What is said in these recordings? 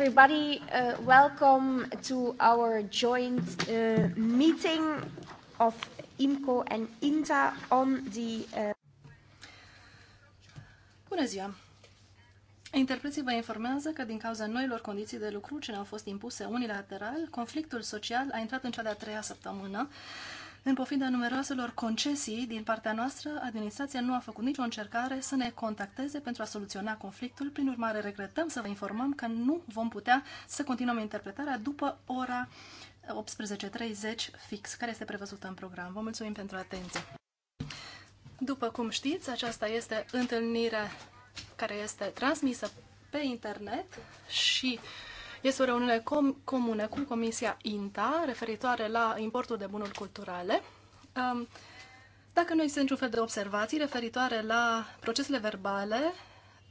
everybody. Uh, welcome to our joint uh, meeting of IMCO and INTA on the... Uh... Bună ziua! Interpreții vă informează că din cauza noilor condiții de lucru ce ne-au fost impuse unilateral, conflictul social a intrat în cea de-a treia săptămână în pofida numeroaselor concesii din partea noastră, administrația nu a făcut nicio încercare să ne contacteze pentru a soluționa conflictul. Prin urmare, regretăm să vă informăm că nu vom putea să continuăm interpretarea după ora 18.30 fix, care este prevăzută în program. Vă mulțumim pentru atenție! După cum știți, aceasta este întâlnirea care este transmisă pe internet și este o reuniune com comună cu Comisia INTA referitoare la importul de bunuri culturale. Um, dacă nu există niciun fel de observații referitoare la procesele verbale,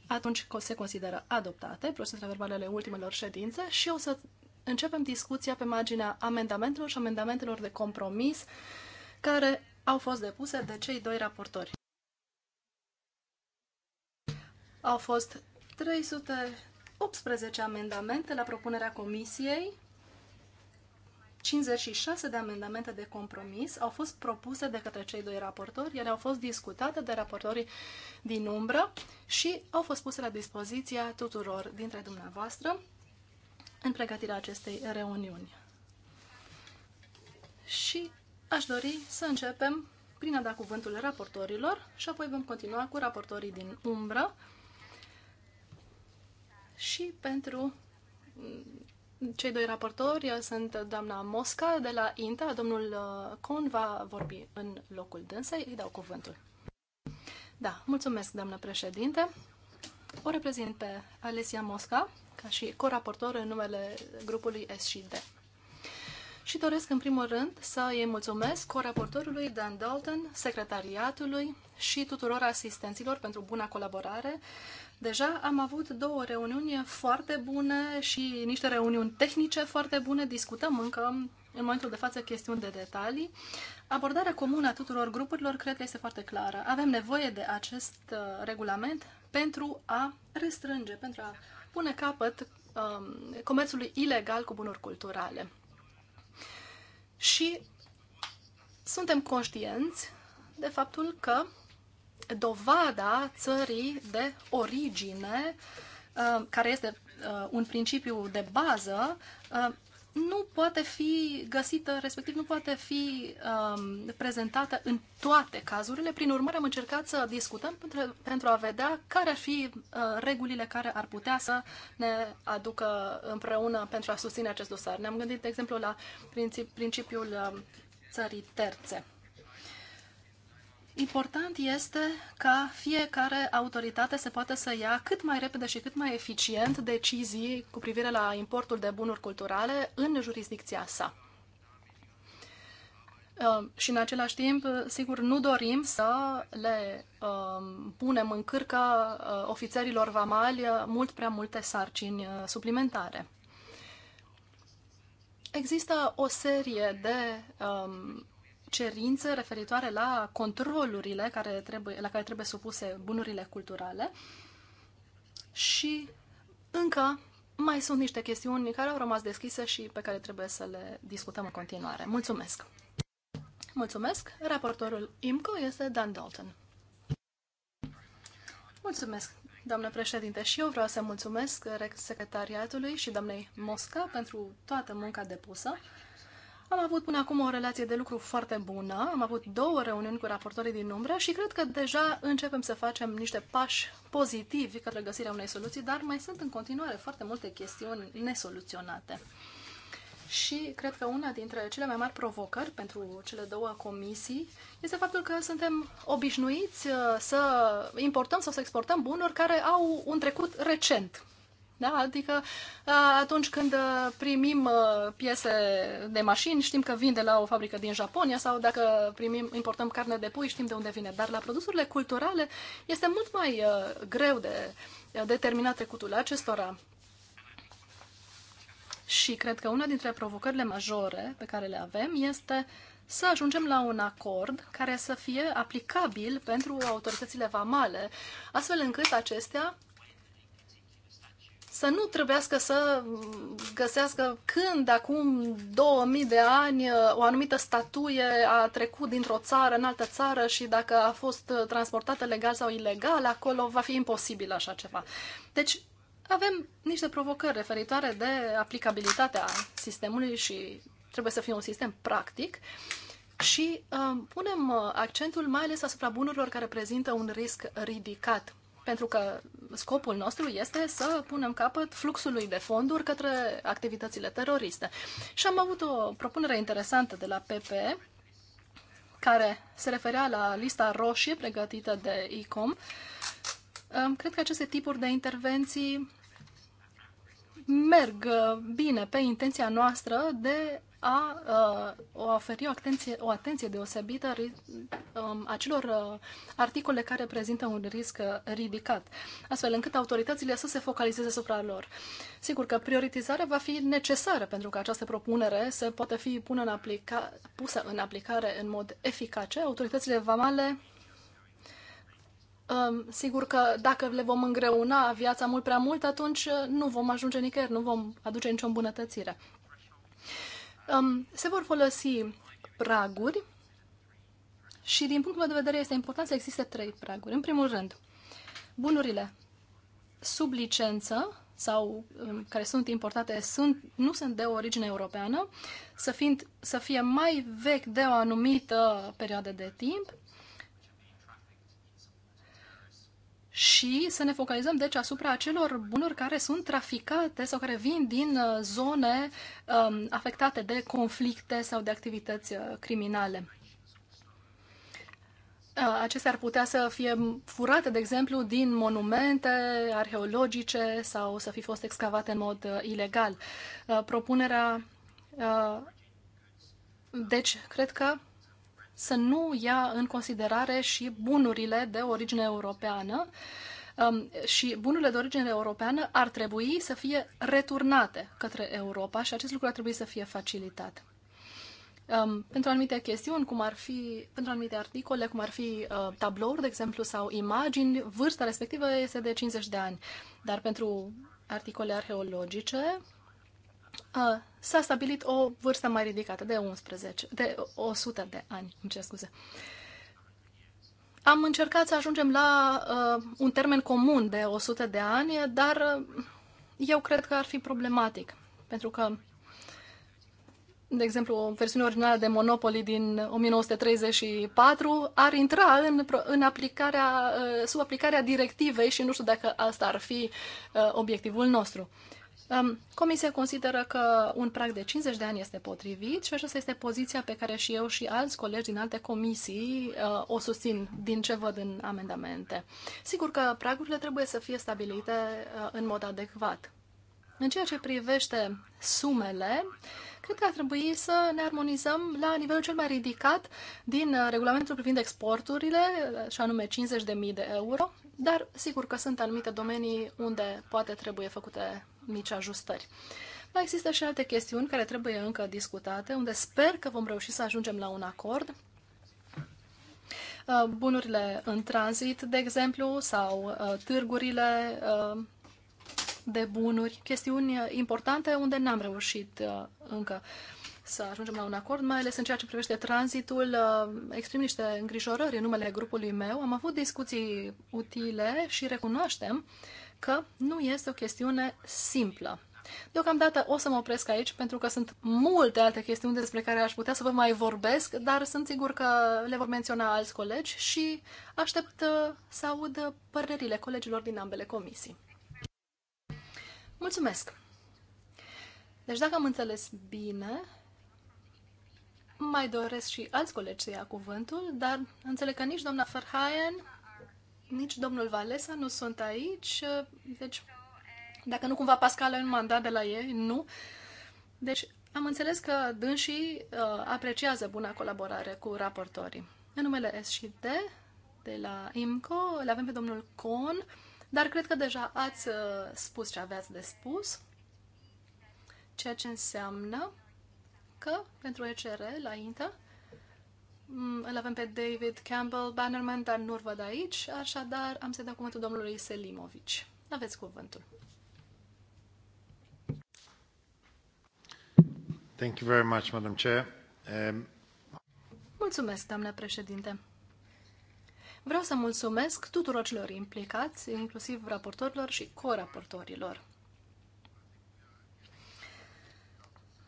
atunci se consideră adoptate procesele verbale ale ultimelor ședințe și o să începem discuția pe marginea amendamentelor și amendamentelor de compromis care au fost depuse de cei doi raportori. Au fost 300 18 amendamente la propunerea comisiei, 56 de amendamente de compromis au fost propuse de către cei doi raportori, ele au fost discutate de raportorii din umbră și au fost puse la dispoziția tuturor dintre dumneavoastră în pregătirea acestei reuniuni. Și aș dori să începem prin a da cuvântul raportorilor și apoi vom continua cu raportorii din umbră, și pentru mm, cei doi raportori uh, sunt doamna Mosca de la INTA, domnul uh, Con va vorbi în locul dânsei, îi dau cuvântul. Da, mulțumesc, doamnă președinte. O reprezint pe Alessia Mosca, ca și coraportor în numele grupului S&D. Și doresc, în primul rând, să îi mulțumesc coraportorului Dan Dalton, secretariatului și tuturor asistenților pentru buna colaborare, Deja am avut două reuniuni foarte bune și niște reuniuni tehnice foarte bune. Discutăm încă în momentul de față chestiuni de detalii. Abordarea comună a tuturor grupurilor cred că este foarte clară. Avem nevoie de acest uh, regulament pentru a restrânge, pentru a pune capăt um, comerțului ilegal cu bunuri culturale. Și suntem conștienți de faptul că dovada țării de origine, uh, care este uh, un principiu de bază, uh, nu poate fi găsită, respectiv nu poate fi um, prezentată în toate cazurile. Prin urmare, am încercat să discutăm pentru, pentru a vedea care ar fi uh, regulile care ar putea să ne aducă împreună pentru a susține acest dosar. Ne-am gândit, de exemplu, la princip, principiul uh, țării terțe. Important este ca fiecare autoritate să poată să ia cât mai repede și cât mai eficient decizii cu privire la importul de bunuri culturale în jurisdicția sa. Uh, și în același timp, sigur, nu dorim să le uh, punem în cârcă uh, ofițerilor vamali mult prea multe sarcini suplimentare. Există o serie de um, cerințe referitoare la controlurile care trebuie, la care trebuie supuse bunurile culturale și încă mai sunt niște chestiuni care au rămas deschise și pe care trebuie să le discutăm în continuare. Mulțumesc! Mulțumesc! Raportorul IMCO este Dan Dalton. Mulțumesc, doamnă președinte, și eu vreau să mulțumesc secretariatului și doamnei Mosca pentru toată munca depusă. Am avut până acum o relație de lucru foarte bună, am avut două reuniuni cu raportorii din umbră și cred că deja începem să facem niște pași pozitivi către găsirea unei soluții, dar mai sunt în continuare foarte multe chestiuni nesoluționate. Și cred că una dintre cele mai mari provocări pentru cele două comisii este faptul că suntem obișnuiți uh, să importăm sau să exportăm bunuri care au un trecut recent da? Adică atunci când primim piese de mașini, știm că vin de la o fabrică din Japonia sau dacă primim, importăm carne de pui, știm de unde vine. Dar la produsurile culturale este mult mai greu de determinat trecutul acestora. Și cred că una dintre provocările majore pe care le avem este să ajungem la un acord care să fie aplicabil pentru autoritățile vamale, astfel încât acestea să nu trebuiască să găsească când, acum 2000 de ani, o anumită statuie a trecut dintr-o țară în altă țară și dacă a fost transportată legal sau ilegal, acolo va fi imposibil așa ceva. Deci avem niște provocări referitoare de aplicabilitatea sistemului și trebuie să fie un sistem practic și uh, punem uh, accentul mai ales asupra bunurilor care prezintă un risc ridicat pentru că scopul nostru este să punem capăt fluxului de fonduri către activitățile teroriste. Și am avut o propunere interesantă de la PP, care se referea la lista roșie pregătită de ICOM. Cred că aceste tipuri de intervenții merg uh, bine pe intenția noastră de a uh, oferi o atenție, o atenție deosebită um, acelor uh, articole care prezintă un risc uh, ridicat, astfel încât autoritățile să se focalizeze asupra lor. Sigur că prioritizarea va fi necesară pentru că această propunere să poată fi pună în aplica- pusă în aplicare în mod eficace. Autoritățile vamale um, sigur că dacă le vom îngreuna viața mult prea mult, atunci uh, nu vom ajunge nicăieri, nu vom aduce nicio îmbunătățire um, se vor folosi praguri și din punctul meu de vedere este important să existe trei praguri. În primul rând, bunurile sub licență sau um, care sunt importate sunt, nu sunt de origine europeană, să, fiind, să fie mai vechi de o anumită perioadă de timp și să ne focalizăm deci asupra acelor bunuri care sunt traficate sau care vin din uh, zone um, afectate de conflicte sau de activități uh, criminale. Uh, acestea ar putea să fie furate, de exemplu, din monumente arheologice sau să fi fost excavate în mod ilegal. propunerea. deci, cred că să nu ia în considerare și bunurile de origine europeană um, și bunurile de origine europeană ar trebui să fie returnate către Europa și acest lucru ar trebui să fie facilitat. Um, pentru anumite chestiuni, cum ar fi, pentru anumite articole, cum ar fi uh, tablouri, de exemplu, sau imagini, vârsta respectivă este de 50 de ani. Dar pentru articole arheologice, uh, s-a stabilit o vârstă mai ridicată, de 11, de 100 de ani, îmi cer scuze. Am încercat să ajungem la uh, un termen comun de 100 de ani, dar uh, eu cred că ar fi problematic, pentru că, de exemplu, o versiune originală de Monopoly din 1934 ar intra în, în aplicarea, uh, sub aplicarea directivei și nu știu dacă asta ar fi uh, obiectivul nostru. Uh, Um, comisia consideră că un prag de 50 de ani este potrivit și așa este poziția pe care și eu și alți colegi din alte comisii uh, o susțin din ce văd în amendamente. Sigur că pragurile trebuie să fie stabilite uh, în mod adecvat. În ceea ce privește sumele, cred că ar trebui să ne armonizăm la nivelul cel mai ridicat din uh, regulamentul privind exporturile, și anume 50.000 de euro, dar sigur că sunt anumite domenii unde poate trebuie făcute mici ajustări. Mai există și alte chestiuni care trebuie încă discutate, unde sper că vom reuși să ajungem la un acord. Uh, bunurile în tranzit, de exemplu, sau uh, târgurile uh, de bunuri, chestiuni importante unde n-am reușit încă să ajungem la un acord, mai ales în ceea ce privește tranzitul. Exprim niște îngrijorări în numele grupului meu. Am avut discuții utile și recunoaștem că nu este o chestiune simplă. Deocamdată o să mă opresc aici pentru că sunt multe alte chestiuni despre care aș putea să vă mai vorbesc, dar sunt sigur că le vor menționa alți colegi și aștept uh, să aud părerile colegilor din ambele comisii. Mulțumesc! Deci dacă am înțeles bine, mai doresc și alți colegi să ia cuvântul, dar înțeleg că nici doamna Verhaien nici domnul Valesa nu sunt aici, deci dacă nu cumva Pascal în mandat de la ei, nu. Deci am înțeles că dânsii uh, apreciază buna colaborare cu raportorii. În numele S și D, de la IMCO, le avem pe domnul Con, dar cred că deja ați uh, spus ce aveați de spus, ceea ce înseamnă că pentru ECR la INTA Mm, îl avem pe David Campbell Bannerman, dar nu-l văd aici, așadar am să dau cuvântul domnului Selimovici. Aveți cuvântul. Thank you very much, Madam Chair. Um... Mulțumesc, doamnă președinte. Vreau să mulțumesc tuturor celor implicați, inclusiv raportorilor și coraportorilor.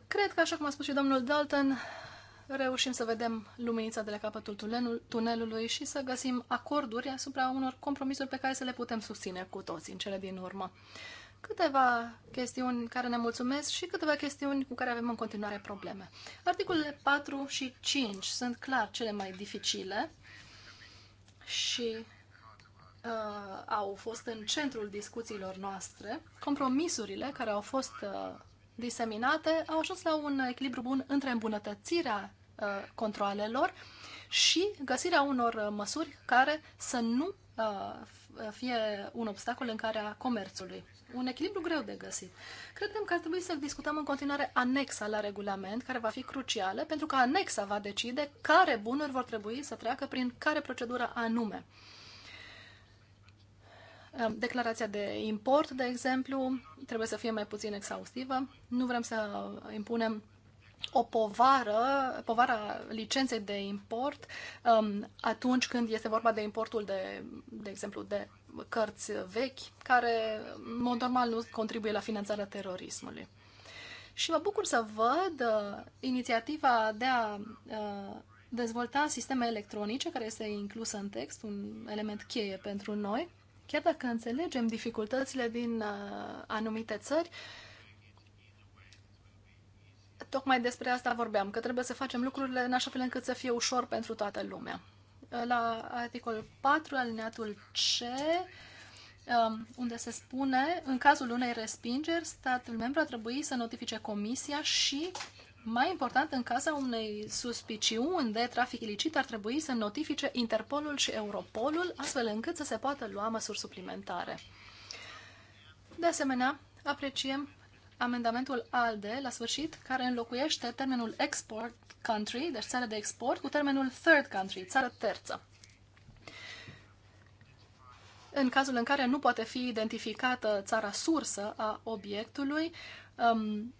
Cred că, așa cum a spus și domnul Dalton, reușim să vedem luminița de la capătul tunelului și să găsim acorduri asupra unor compromisuri pe care să le putem susține cu toții în cele din urmă. Câteva chestiuni care ne mulțumesc și câteva chestiuni cu care avem în continuare probleme. Articolele 4 și 5 sunt clar cele mai dificile și uh, au fost în centrul discuțiilor noastre. Compromisurile care au fost uh, diseminate, au ajuns la un echilibru bun între îmbunătățirea uh, controalelor și găsirea unor uh, măsuri care să nu uh, fie un obstacol în calea comerțului. Un echilibru greu de găsit. Credem că ar trebui să discutăm în continuare anexa la regulament, care va fi crucială, pentru că anexa va decide care bunuri vor trebui să treacă prin care procedură anume. Declarația de import, de exemplu, trebuie să fie mai puțin exhaustivă. Nu vrem să impunem o povară, povara licenței de import um, atunci când este vorba de importul de, de exemplu, de cărți vechi, care, în mod normal, nu contribuie la finanțarea terorismului. Și mă bucur să văd uh, inițiativa de a uh, dezvolta sisteme electronice, care este inclusă în text, un element cheie pentru noi. Chiar dacă înțelegem dificultățile din uh, anumite țări, tocmai despre asta vorbeam, că trebuie să facem lucrurile în așa fel încât să fie ușor pentru toată lumea. Uh, la articolul 4, alineatul C, um, unde se spune, în cazul unei respingeri, statul membru a trebuit să notifice comisia și mai important, în caza unei suspiciuni de trafic ilicit, ar trebui să notifice Interpolul și Europolul, astfel încât să se poată lua măsuri suplimentare. De asemenea, apreciem amendamentul ALDE, la sfârșit, care înlocuiește termenul export country, deci țară de export, cu termenul third country, țară terță. În cazul în care nu poate fi identificată țara sursă a obiectului, um,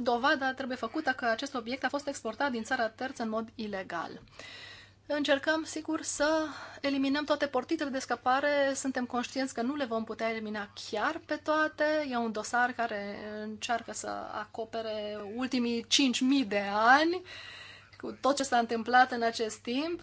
dovada trebuie făcută că acest obiect a fost exportat din țara terță în mod ilegal. Încercăm, sigur, să eliminăm toate portitele de scăpare. Suntem conștienți că nu le vom putea elimina chiar pe toate. E un dosar care încearcă să acopere ultimii 5.000 de ani cu tot ce s-a întâmplat în acest timp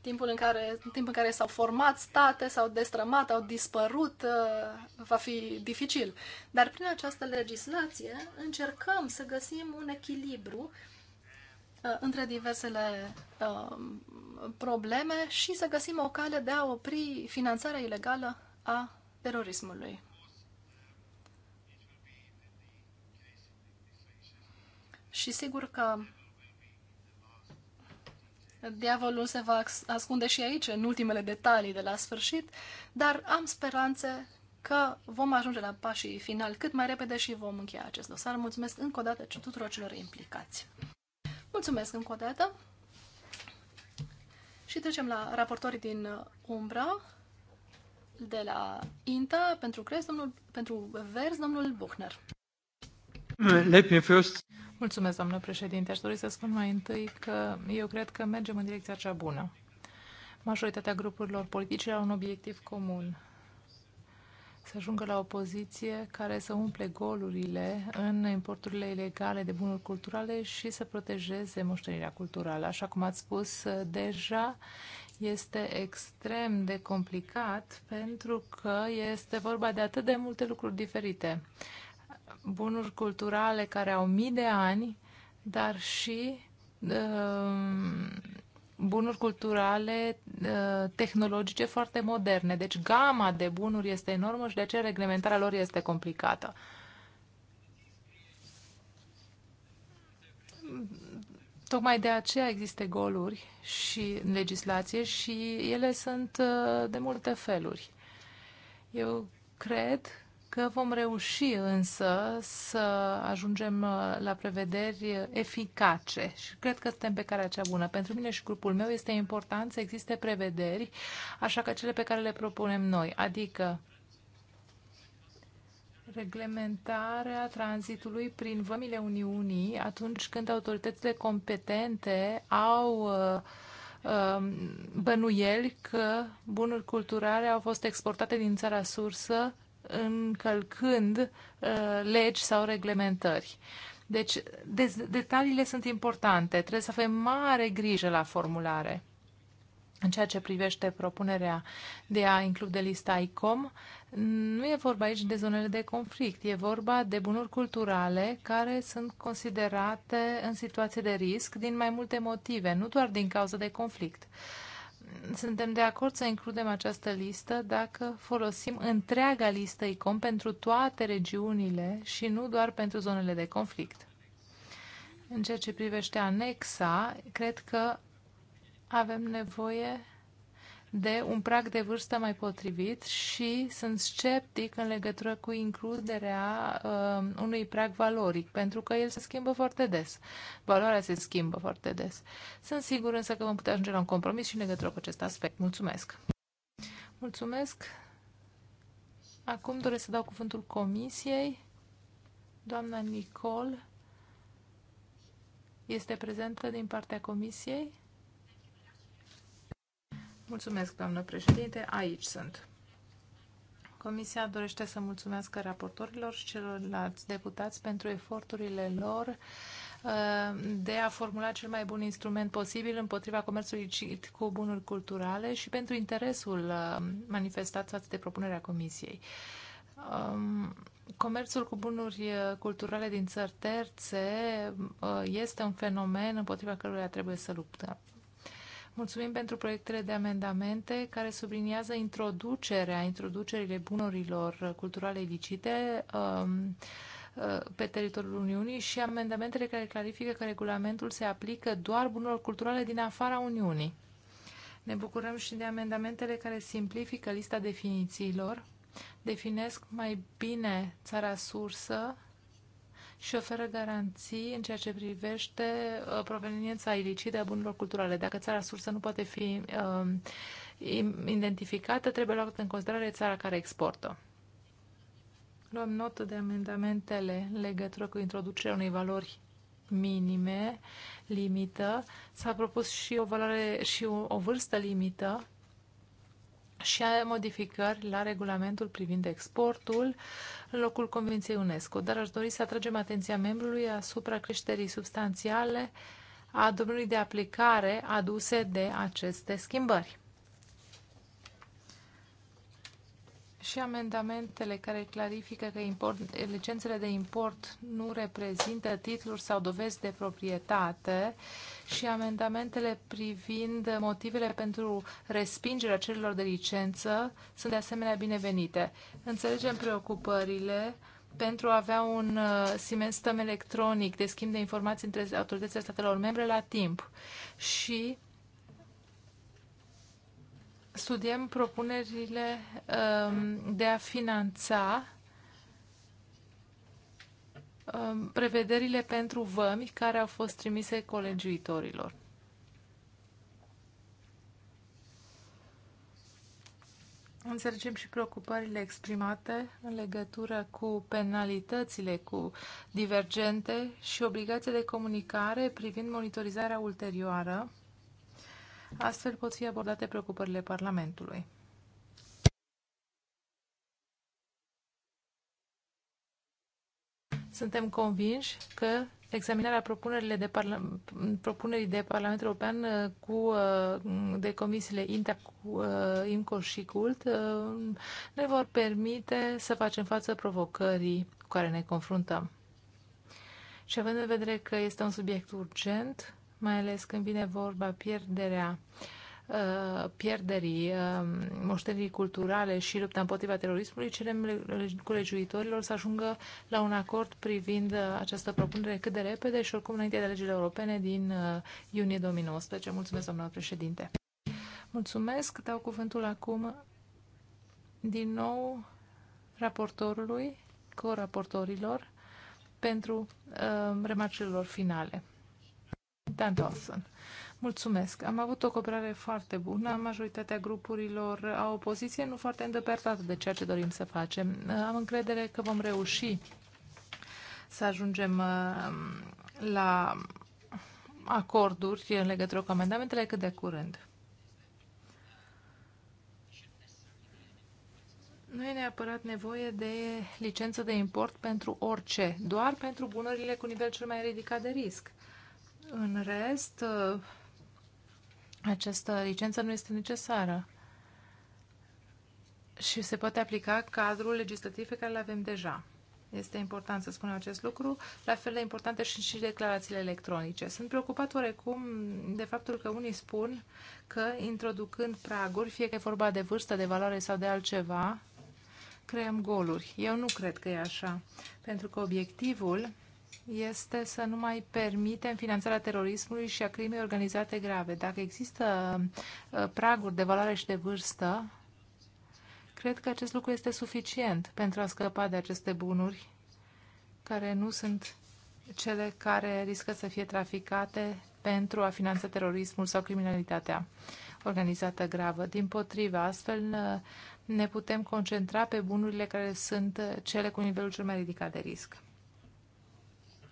timpul în care, în timp în care s-au format state, s-au destrămat, au dispărut, uh, va fi dificil. Dar prin această legislație încercăm să găsim un echilibru uh, între diversele uh, probleme și să găsim o cale de a opri finanțarea ilegală a terorismului. Și sigur că Diavolul se va ascunde și aici, în ultimele detalii de la sfârșit, dar am speranțe că vom ajunge la pașii final cât mai repede și vom încheia acest dosar. Mulțumesc încă o dată tuturor celor implicați. Mulțumesc încă o dată și trecem la raportorii din umbra de la INTA pentru crez, domnul, pentru Vers, domnul Buchner. Eh, let me first... Mulțumesc, doamnă președinte. Aș dori să spun mai întâi că eu cred că mergem în direcția cea bună. Majoritatea grupurilor politice au un obiectiv comun. Să ajungă la o poziție care să umple golurile în importurile ilegale de bunuri culturale și să protejeze moștenirea culturală. Așa cum ați spus deja, este extrem de complicat pentru că este vorba de atât de multe lucruri diferite bunuri culturale care au mii de ani, dar și uh, bunuri culturale uh, tehnologice foarte moderne. Deci gama de bunuri este enormă și de aceea reglementarea lor este complicată. Tocmai de aceea există goluri și în legislație și ele sunt uh, de multe feluri. Eu cred că vom reuși însă să ajungem uh, la prevederi eficace și cred că suntem pe calea cea bună. Pentru mine și grupul meu este important să existe prevederi, așa că cele pe care le propunem noi, adică reglementarea tranzitului prin vămile Uniunii atunci când autoritățile competente au uh, um, bănuieli că bunuri culturale au fost exportate din țara sursă încălcând uh, legi sau reglementări. Deci, detaliile sunt importante. Trebuie să avem mare grijă la formulare. În ceea ce privește propunerea de a include lista ICOM, nu e vorba aici de zonele de conflict, e vorba de bunuri culturale care sunt considerate în situație de risc din mai multe motive, nu doar din cauza de conflict suntem de acord să includem această listă dacă folosim întreaga listă ICOM pentru toate regiunile și nu doar pentru zonele de conflict. În ceea ce privește anexa, cred că avem nevoie de un prag de vârstă mai potrivit și sunt sceptic în legătură cu includerea uh, unui prag valoric, pentru că el se schimbă foarte des. Valoarea se schimbă foarte des. Sunt sigur însă că vom putea ajunge la un compromis și în legătură cu acest aspect. Mulțumesc! Mulțumesc! Acum doresc să dau cuvântul comisiei. Doamna Nicol este prezentă din partea comisiei. Mulțumesc, doamnă președinte. Aici sunt. Comisia dorește să mulțumească raportorilor și celorlalți deputați pentru eforturile lor uh, de a formula cel mai bun instrument posibil împotriva comerțului cu bunuri culturale și pentru interesul uh, manifestat față de propunerea Comisiei. Um, comerțul cu bunuri uh, culturale din țări terțe este un fenomen împotriva căruia trebuie să luptăm. Mulțumim pentru proiectele de amendamente care subliniază introducerea, introducerile bunurilor culturale ilicite um, uh, pe teritoriul Uniunii și amendamentele care clarifică că regulamentul se aplică doar bunurilor culturale din afara Uniunii. Ne bucurăm și de amendamentele care simplifică lista definițiilor, definesc mai bine țara sursă și oferă garanții în ceea ce privește uh, proveniența ilicită a bunurilor culturale. Dacă țara sursă nu poate fi um, identificată, trebuie luată în considerare țara care exportă. Luăm notă de amendamentele în legătură cu introducerea unei valori minime, limită. S-a propus și o valoare și o, o vârstă limită și a modificări la regulamentul privind exportul în locul Convenției UNESCO, dar aș dori să atragem atenția membrului asupra creșterii substanțiale a domeniului de aplicare aduse de aceste schimbări. și amendamentele care clarifică că import, licențele de import nu reprezintă titluri sau dovezi de proprietate și amendamentele privind motivele pentru respingerea cererilor de licență sunt de asemenea binevenite. Înțelegem preocupările pentru a avea un uh, sistem electronic de schimb de informații între autoritățile statelor membre la timp și studiem propunerile um, de a finanța um, prevederile pentru vămi care au fost trimise colegiuitorilor. Înțelegem și preocupările exprimate în legătură cu penalitățile cu divergente și obligația de comunicare privind monitorizarea ulterioară Astfel pot fi abordate preocupările Parlamentului. Suntem convinși că examinarea propunerile de parla... propunerii de Parlamentul European uh, cu, uh, de comisiile INTA, uh, IMCO și CULT ne vor permite să facem față provocării cu care ne confruntăm. Și având în vedere că este un subiect urgent, mai ales când vine vorba pierderea uh, pierderii uh, moștenirii culturale și lupta împotriva terorismului, cerem colegiuitorilor să ajungă la un acord privind uh, această propunere cât de repede și oricum înainte de legile europene din iunie 2019. Mulțumesc, doamna președinte. Mulțumesc. Dau cuvântul acum din nou raportorului, co-raportorilor, pentru uh, remarcile finale. Dan Dawson. Mulțumesc. Am avut o cooperare foarte bună. Majoritatea grupurilor au o poziție nu foarte îndepărtată de ceea ce dorim să facem. Am încredere că vom reuși să ajungem uh, la acorduri în legătură cu amendamentele cât de curând. Nu e neapărat nevoie de licență de import pentru orice, doar pentru bunurile cu nivel cel mai ridicat de risc. În rest, uh, această licență nu este necesară și se poate aplica cadrul legislativ pe care îl avem deja. Este important să spunem acest lucru. La fel de importante și, și declarațiile electronice. Sunt preocupat oarecum de faptul că unii spun că introducând praguri, fie că e vorba de vârstă, de valoare sau de altceva, creăm goluri. Eu nu cred că e așa, pentru că obiectivul este să nu mai permitem finanțarea terorismului și a crimei organizate grave. Dacă există uh, praguri de valoare și de vârstă, cred că acest lucru este suficient pentru a scăpa de aceste bunuri care nu sunt cele care riscă să fie traficate pentru a finanța terorismul sau criminalitatea organizată gravă. Din potrivă, astfel uh, ne putem concentra pe bunurile care sunt uh, cele cu nivelul cel mai ridicat de risc.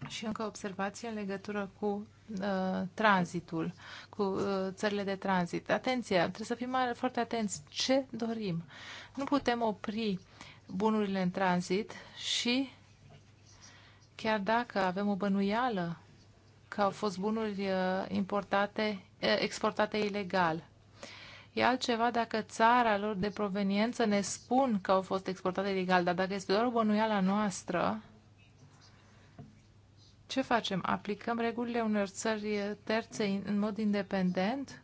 Și încă observație în legătură cu uh, tranzitul, cu uh, țările de tranzit. Atenție, trebuie să fim foarte atenți ce dorim. Nu putem opri bunurile în tranzit și chiar dacă avem o bănuială că au fost bunuri uh, importate, uh, exportate ilegal. E altceva dacă țara lor de proveniență ne spun că au fost exportate ilegal, dar dacă este doar o bănuială noastră, ce facem? Aplicăm regulile unor țări terțe în mod independent?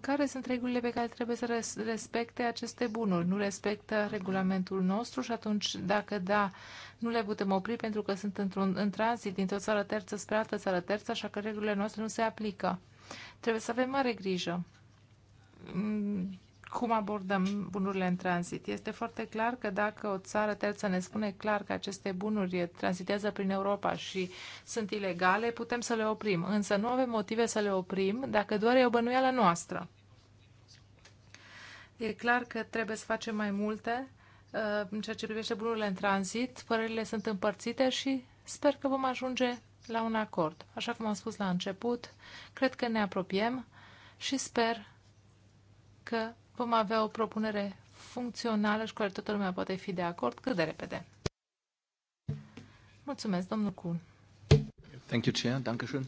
Care sunt regulile pe care trebuie să respecte aceste bunuri? Nu respectă regulamentul nostru și atunci, dacă da, nu le putem opri pentru că sunt într-un în tranzit dintr-o țară terță spre altă țară terță, așa că regulile noastre nu se aplică. Trebuie să avem mare grijă mm, cum abordăm bunurile în tranzit. Este foarte clar că dacă o țară terță ne spune clar că aceste bunuri tranzitează prin Europa și sunt ilegale, putem să le oprim. Însă nu avem motive să le oprim dacă doar e o bănuială noastră. E clar că trebuie să facem mai multe uh, în ceea ce privește bunurile în tranzit. Părerile sunt împărțite și sper că vom ajunge la un acord. Așa cum am spus la început, cred că ne apropiem și sper că vom avea o propunere funcțională și cu care toată lumea poate fi de acord cât de repede. Mulțumesc, domnul Kuhn. Thank you, Chair. Dankeschön.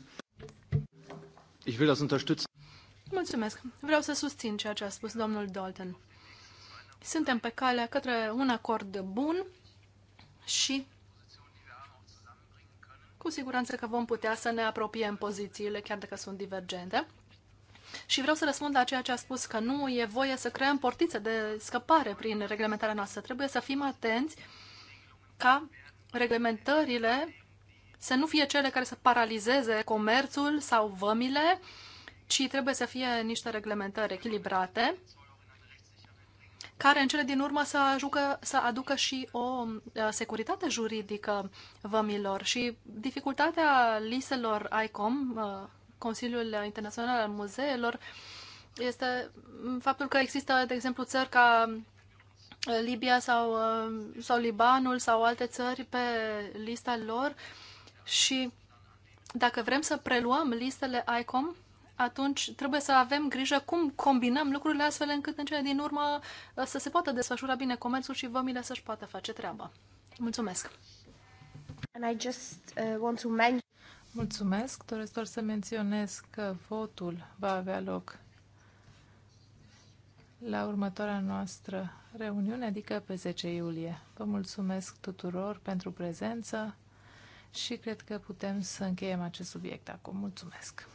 Ich will das unterstützen. Mulțumesc. Vreau să susțin ceea ce a spus domnul Dalton. Suntem pe calea către un acord bun și cu siguranță că vom putea să ne apropiem pozițiile, chiar dacă sunt divergente. Și vreau să răspund la ceea ce a spus, că nu e voie să creăm portițe de scăpare prin reglementarea noastră. Trebuie să fim atenți ca reglementările să nu fie cele care să paralizeze comerțul sau vămile, ci trebuie să fie niște reglementări echilibrate care în cele din urmă să, ajucă, să aducă și o uh, securitate juridică vămilor. Și dificultatea liselor ICOM uh, Consiliul Internațional al Muzeelor este faptul că există, de exemplu, țări ca uh, Libia sau, uh, sau Libanul sau alte țări pe lista lor și dacă vrem să preluăm listele ICOM, atunci trebuie să avem grijă cum combinăm lucrurile astfel încât în cele din urmă uh, să se poată desfășura bine comerțul și vămile să-și poată face treaba. Mulțumesc! And I just, uh, want to mention... Mulțumesc. Doresc doar să menționez că votul va avea loc la următoarea noastră reuniune, adică pe 10 iulie. Vă mulțumesc tuturor pentru prezență și cred că putem să încheiem acest subiect acum. Mulțumesc!